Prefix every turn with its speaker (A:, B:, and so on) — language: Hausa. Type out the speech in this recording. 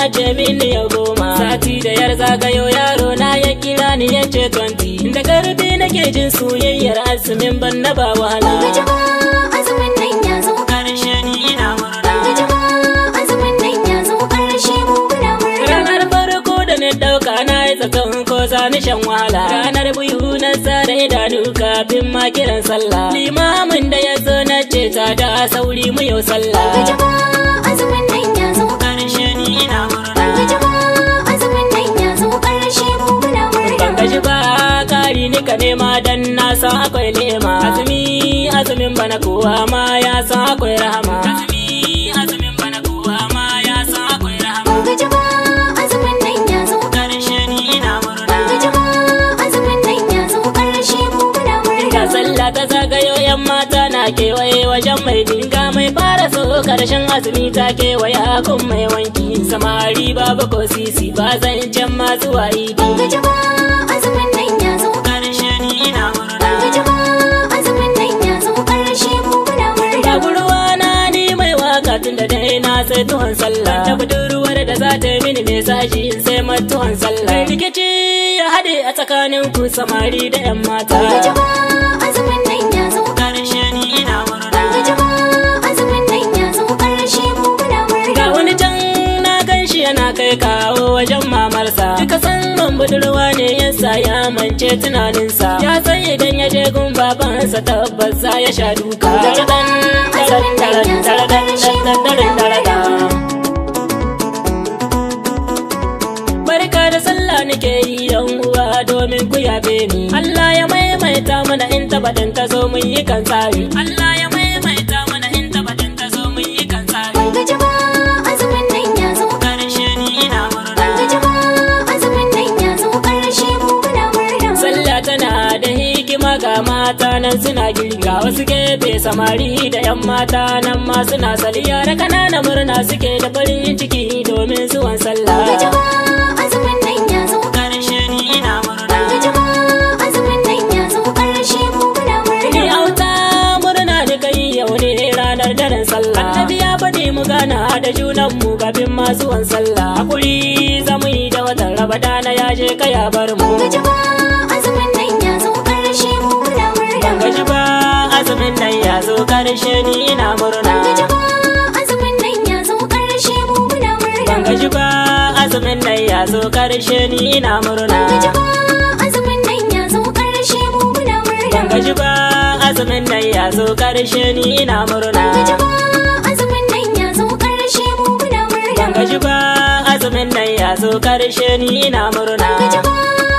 A: aje mini ya goma sati da yar zagayo yaro na ya kira ni ya ce twenty da karfi nake jin soyayyar azumin ban na ba wahala azumin nan ya zo karshe ni ina murna azumin nan ya zo karshe mu muna murna ranar farko da ni dauka na yi tsakan ko shan wahala ranar biyu na tsara idanu kafin ma kiran sallah limamin da ya zo na ce ta da sauri mu yau sallah ka nema dan na sa akwai lema azumi azumin bana kowa ma ya sa akwai rahama azumi azumin bana ya nan ya karshe ni ina murna azumin nan ya karshe kuna murna ga sallah ta zagayo yan mata na kewaye wajen mai dinga mai fara so karshen azumi ta kewaye kun mai wanki samari babu ko sisi ba zan jama zuwa idi gaji ba za ta yi mai mesaji in sai matuwan sallah kai rikici ya haɗe a tsakanin ku samari da yan mata ban gaji ba azumin nan ya zo karshe ni ina murna ban gaji ba azumin nan ya zo karshe mu muna murna ga wani can na gan shi yana kai kawo wajen mamarsa duka san man budurwa ne yasa ya mance tunaninsa ya san idan ya je gun babansa tabbas za ya sha duka. Ban gaji ba azumin nan ya zo karshe shafe ni Allah ya maimaita mana in taba dan ta zo mun yi kan tsari Allah ya maimaita mana in taba dan ta zo mun yi kan tsari ban gaji ba azumin nan ya zo karshe ni ina murna ban gaji ba azumin nan ya zo karshe mu muna murna sallah tana da hikima ga mata nan suna girga wasu gefe samari da yan mata nan ma suna saliya da kanana murna suke da farin ciki domin zuwan sallah ban gaji ba bayan sallah annabi ya faɗi mu gana da junan mu gabin masu wan sallah hakuri zamu yi da watan ramadana ya je ka ya bar mu ba azumin nan ya zo karshe mu ina murna ban ba azumin nan ya zo karshe ni ina murna ban ba azumin nan ya zo karshe ni ina murna ban ba ya zo karshe ni ina murna ban gaji ba azumin nan ya zo karshe mu muna murna ban gaji ba azumin nan ya zo karshe ni ina murna